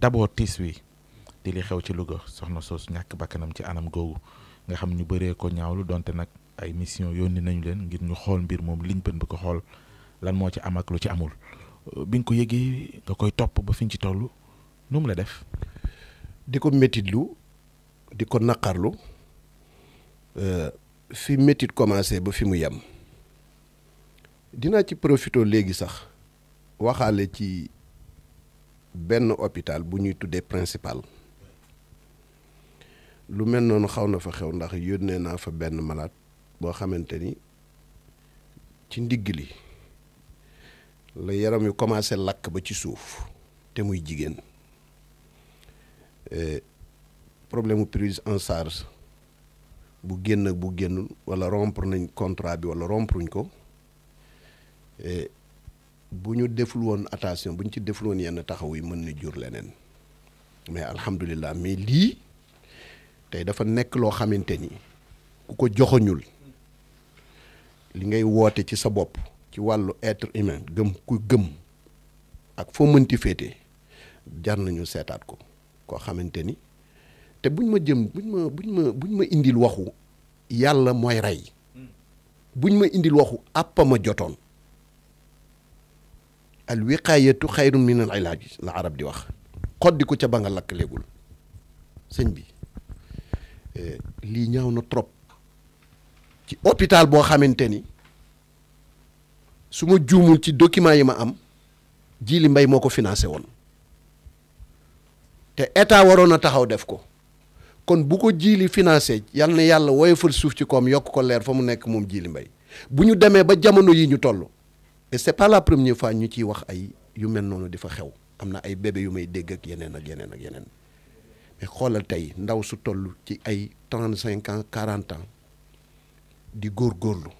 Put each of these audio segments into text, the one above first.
d'abord tiis wi di li xew ci Louga soxna soos ñàkk bakkanam ci anam googu nga xam ñu bëree ko ñaawlu donte nag ay mission yónni nañu leen ngir ñu xool mbir moom liñ bën bi ko xool lan moo ci am lu ci amul bi nga ko yëgee nga koy topp ba fi ñu ci toll nu mu def. di ko métitlu di ko naqarlu euh, fi métit commencé ba fi mu yem dinaa ci profité léegi sax waxaale ci. benn hôpital bu ñuy tuddee principal lu mel noonu xaw na fa xew ndax yónnee naa fa benn malaat boo xamante ni ci ndigg li la yaram yu commencé lakk ba ci suuf te muy jigéen eh, problème mu prise en charge bu génn ak bu génnul wala rompre nañ contrat bi wala rompruñ ko. Eh, bu ñu deful woon attention bu ñu ci deful woon yenn taxaw yi mën na jur leneen mais alhamdulilah mais lii tey dafa nekk loo xamante ni ku ko joxoñul li ngay woote ci sa bopp ci wàllu etre humain gëm ku gëm ak foo mënti féete jar nañu seetaat ko koo xamante ni te buñ ma jëm buñ ma buñ ma indil waxu yàlla mooy rey hmm. buñ ma indil waxu àpp ma jotoon al wiqaayatu xayrun min al ilaaj la arab di wax xoddi ko ca ba nga lakk léegul sëñ bi eh, lii ñaaw na trop ci hôpital boo xamante ni su ma juumul ci document yi ma am jiili Mbay moo ko financé woon te état waroon a taxaw def ko kon bu ko Jili financé yal na yàlla woyofal suuf ci koom yokk ko leer fa mu nekk moom Jili Mbay bu ñu demee ba jamono yi ñu toll et c'est pas la première fois ñu ciy wax ay yu mel noonu di fa xew am na ay bébé yu may dégg ak yeneen ak yeneen ak yeneen mais xoolal tey ndaw su toll ci ay trente cinq ans quarante ans di góorlu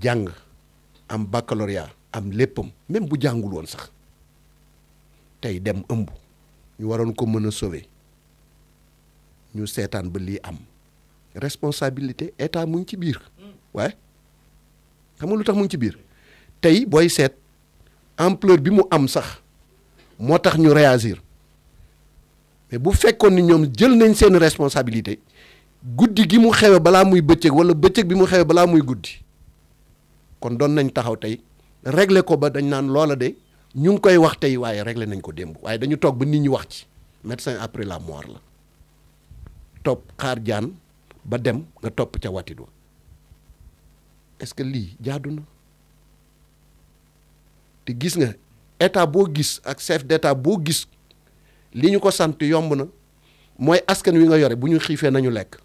jàng am baccalauréat am léppam même bu jàngul woon sax tey dem ëmb ñu waroon ko mën a sauver ñu seetaan ba lii am responsabilité état mu ngi ci biir waaye mm. xam lu tax mu ci biir. tey booy seet ampleur bi mu am sax moo tax ñu réagir mais bu fekkoon ni ñoom jël nañ seen responsabilité guddi gi mu xewe balaa muy bëccëg wala bëccëg bi mu xewe balaa muy guddi kon doon nañ taxaw tey régler ko ba dañ naan loola de ñu ngi koy wax tey waaye régler nañ ko démb waaye dañu toog ba nit ñi wax ci médecin après la mort la topp xaar jaan ba dem nga topp ca watidu est-ce que lii jaadu na te gis nga état boo gis ak chef d'état boo gis li ñu ko sant yomb na mooy askan wi nga yore bu ñu xiifee nañu lekk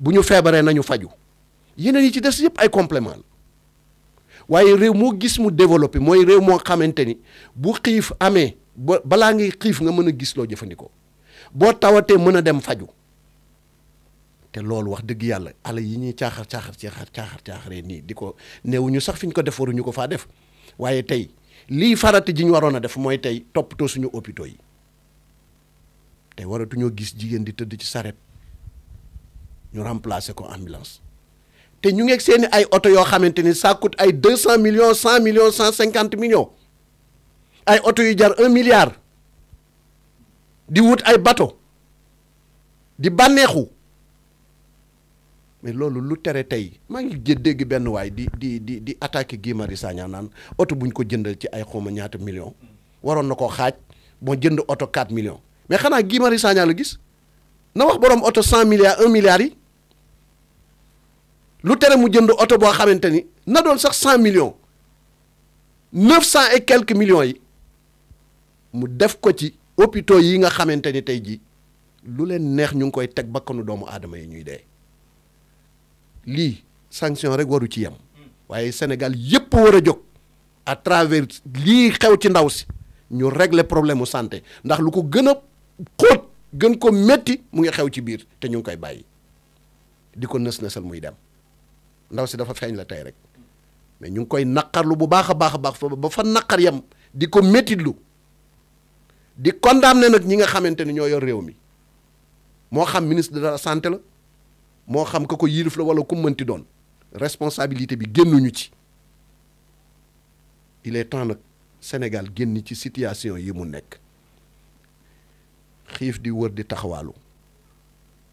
bu ñu feebaree nañu faju yeneen yi ci des yëpp ay complément la waaye réew moo gis mu développé mooy réew moo xamante ni bu xiif amee ba balaa ngay xiif nga mën a gis loo jëfandikoo boo tawatee mën a dem faju te loolu wax dëgg yàlla ala yi ñuy caaxar caaxar caaxar caaxar caaxaree nii di ko néewuñu sax fi ñu ko def waruñu ko faa def waaye tey lii farata ji waroon a def mooy tey toppatoo suñu hôpitaux yi tey waratuñoo gis jigéen di tëdd ci saret ñu remplacer ko ambulance te ñu ngeeg seeni ay oto yoo xamante ni ça ay deux cent millions cent millions cent cinquante millions ay oto yu jar un milliard di wut ay bateau di bànneexu mais loolu lu tere tey maa ngi dégg benn waay di di di di attaqué Guy Marius naan oto bu ñu ko jëndal ci ay xawma ñaata million waroon na ko xaaj bon jënd oto 4 million mais xanaa Guy Marius Sagna la gis na wax borom oto 100 milliards un milliard yi lu tere mu jënd oto boo xamante ni na doon sax 100 millions 900 et quelques millions yi mu def ko ci hôpitaux yi nga xamante ni tey jii lu leen neex ñu ngi koy teg bakkanu doomu aadama yi ñuy dee. lii sanction rek waru ci yem waaye Sénégal yépp war a jóg à travers lii xew ci ndaw si ñu régler problème mu santé ndax lu ko gën a xóot gën ko metti mu ngi xew ci biir te ñu ngi koy bàyyi di ko nës nësal muy dem ndaw si dafa feeñ la tey rek mais ñu ngi koy naqarlu bu baax a baax a baax fa ba fa naqar yem di ko méttitlu di condamné nag ñi nga xamante ni ñoo yor réew mi moo xam ministre de la santé la moo xam ka ko yiluf la wala ku mënti doon responsabilité bi génnuñu ci il est temps nag Sénégal génn ci situation yi mu nekk xiif di wër di taxawaalu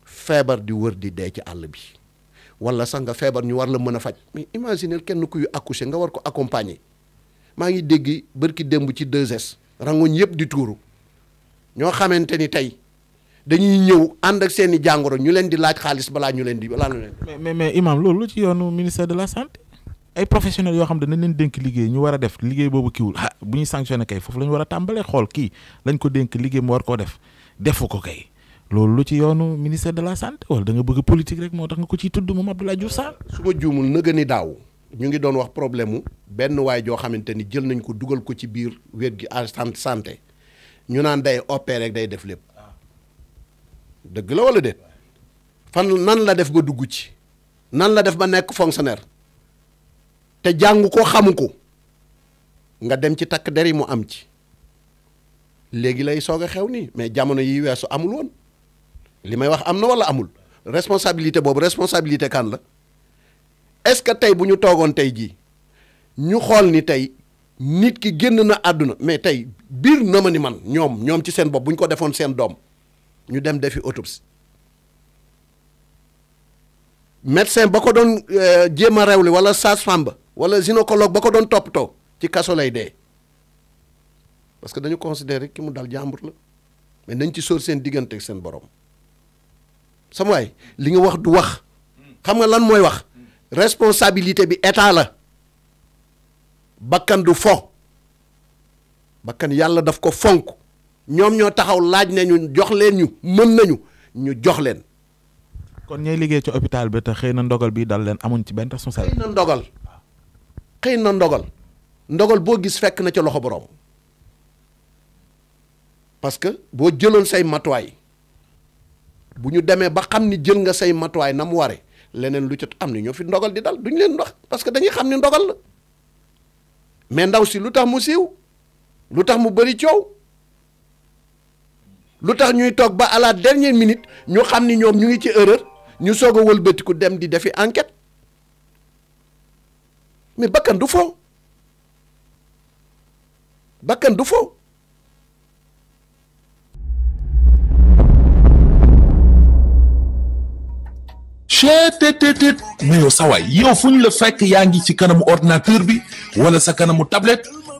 feebar di wër di dee ci àll bi wala sax nga feebar ñu war la mën a faj mais imaginez kenn kuy accoucher nga war ko accompagner maa ngi dégg bërki démb ci 2S rangoñ yëpp di tuuru ñoo xamante ni tey dañuy ñëw ànd ak seen jàngoro ñu leen di laaj xaalis balaa ñu leen di balaa ñu leen di. mais mais imam loolu ci yoonu ministère de la santé ay professionnels yoo xam ne dañ leen dénk liggéey ñu war a def liggéey boobu kiiwul ah bu ñuy sanctionné kay foofu la ñu a tàmbalee xool kii lañ ko dénk liggéey mu war koo def defu ko loolu lu ci yoonu ministère de la santé wala da bëgg politique rek moo tax nga ko ciy tudd moom Abdoulaye Diouf Sarr. su ma juumul nëgë ni daaw ñu ngi doon wax problème mu benn waay joo xamante ni jël nañ ko dugal ko ci biir wér gi à santé ñu naan day opéré rek day def lépp dëgg la wala de fan nan la def ba dugg ci nan la def ba nekk fonctionnaire te jàng ko xamu ko nga dem ci takk der mu am ci léegi lay soog a xew nii mais jamono yi weesu amul woon li may wax am na wala amul responsabilité boobu responsabilité kan la est-ce que tey bu ñu toogoon tey jii ñu xool ni tey nit ki génn na àdduna mais tey biir na ma ni man ñoom ñoom ci seen bopp bu ñu ko defoon seen doom. ñu dem defi autopsie médecin ba ko doon euh, jéem a rewli wala sage-femme ba wala ba ko doon toppatoo ci kaso lay dee parce que dañu considérer ki mu dal jàmbur la mais nañ ci sóor seen diggante ak seen borom sama waay li nga wax du wax xam nga lan mooy wax responsabilité bi état la bakkan du fo bakkan yàlla daf ko fonk ñoom ñoo taxaw laaj ne ñu jox leen ñu mën nañu ñu jox leen. kon ñay liggéey ci hôpital bi te xëy na ndogal bii dal leen amuñ ci benn responsabilité. xëy na ndogal xëy na ndogal ndogal boo gis fekk na ca loxo boroom parce que boo jëloon say matuwaay bu ñu demee ba xam ni jël nga say matuwaay na mu ware leneen lu ca am ni ñoo fi ndogal di dal duñ leen ndox parce que dañuy xam ni ndogal la mais ndaw si lu tax mu siiw lu tax mu bari coow. lu tax ñuy toog ba alaat la dernière minute ñu xam ni ñoom ñu ngi ci erreur ñu soog a wëlbatiku dem di defi enquête mais bakkan du foo bakkan du foo chetttt mais yow sawaay yow fu ñu la fekk yaa ngi ci kanamu ordinateur bi wala sa kanamu tablette